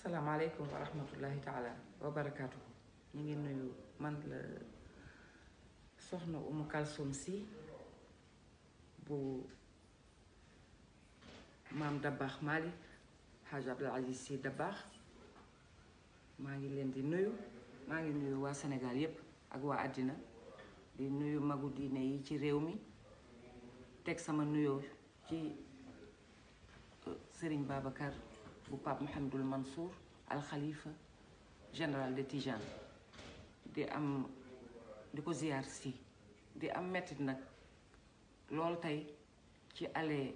asalaamaaleykum wa rahmatullahi taala wa barakaatu ñu ngi nuyu man la soxna Umu Kalsum si bu maam Dabaax Malik Haj Abdul Aziz si Dabaax maa ngi leen di nuyu maa ngi nuyu waa senegaal yépp ak waa àddina di nuyu magu diine yi ci réew mi teg sama nuyoo ci euh, Sëriñ Babacar bu Pape Mouhamadul Mansour al Khalifa général de Tijane di am di ko ziar si di am mettit nag lool tey ci ale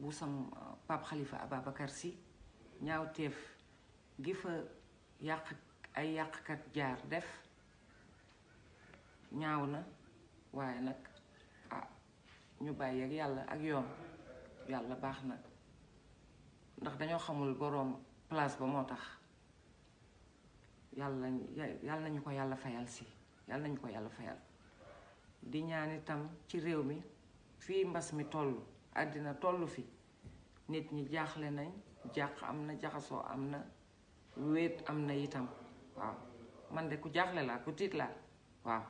bu sam uh, Pape Khalifa Ababacar si ñaawteef gi fa yàq ay yàqkat jaar def ñaaw na waaye nag ah ñu bàyyi ak yàlla ak yoon yàlla baax na ndax dañoo xamul boroom place ba moo tax yàlla yàlla nañu ko yàlla fayal si yàlla nañu ko yàlla fayal di ñaan itam ci réew mi fii mbas mi toll àddina toll fi nit ñi jaaxle nañ jàq am na jaxasoo am na wéet am na itam waaw man de ku jaaxle laa ku tiit laa waaw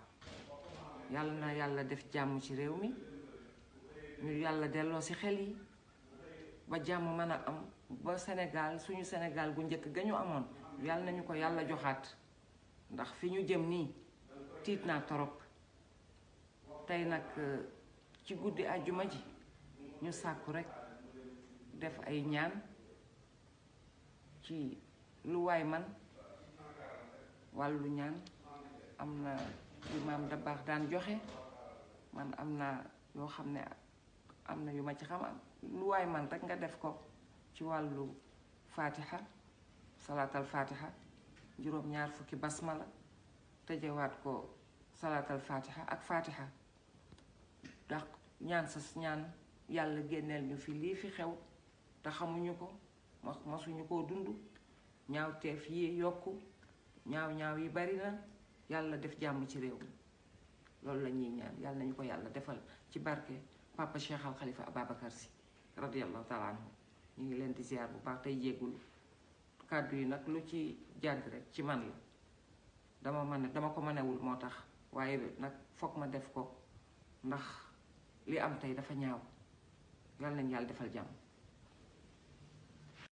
yàlla na yàlla def jàmm ci réew mi ñu yàlla delloo ci xel yi ba jàmm mën a am ba senegaal suñu Sénégal gu njëkk ga ñu amoon yàlla nañu ko yàlla joxaat ndax fi ñu jëm nii tiit naa torop tey nag euh, ci guddi àjjuma ji ñu sàkku rekk def ay ñaan ci lu waay man wàllu ñaan am na lu maam da daan joxe man am na yoo xam ne am na yu ma ci xam lu waay man rek nga def ko ci wàllu fatiha salaatal fatiha juróom ñaar fukki basmala tëjewaat ko salaatal fatiha ak fatiha ndax ñaan sa ñaan yàlla génneel ñu fi lii fi xew te xamuñu ko ma masuñu koo dund ñaaw teef yi yokk ñaaw ñaaw yi bari na yàlla def jàmm ci réew mi loolu la ñuy ñaan yàlla nañu ko yàlla defal ci barke papa Cheikh Al Khalifa si radiallahu taala anhu ñu ngi leen di ziar bu baax tey jéggul kàddu yi nag lu ci jàdd rek ci man la dama mën dama ko manewul moo tax waaye nag foog ma def ko ndax li am tey dafa ñaaw yal nañ yàlla defal jàmm